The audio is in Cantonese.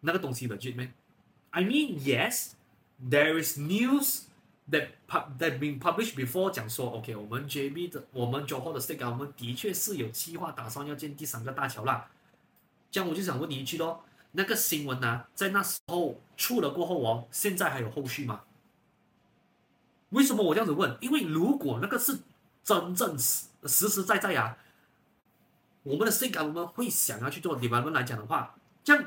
那個東西 legit 咩？I I mean yes, there is news that that been published before 講說，OK，我們 J B 的我們 Johor 的 state government 我們的確是有計劃打算要建第三個大橋啦。這樣我就想問你一句咯，那個新聞呢、啊，在那時候出了過後哦，現在還有後續嗎？為什麼我這樣子問？因為如果那個是真正實實實在，在在啊，我們的 state government 我們會想要去做 development 來講的話，這樣。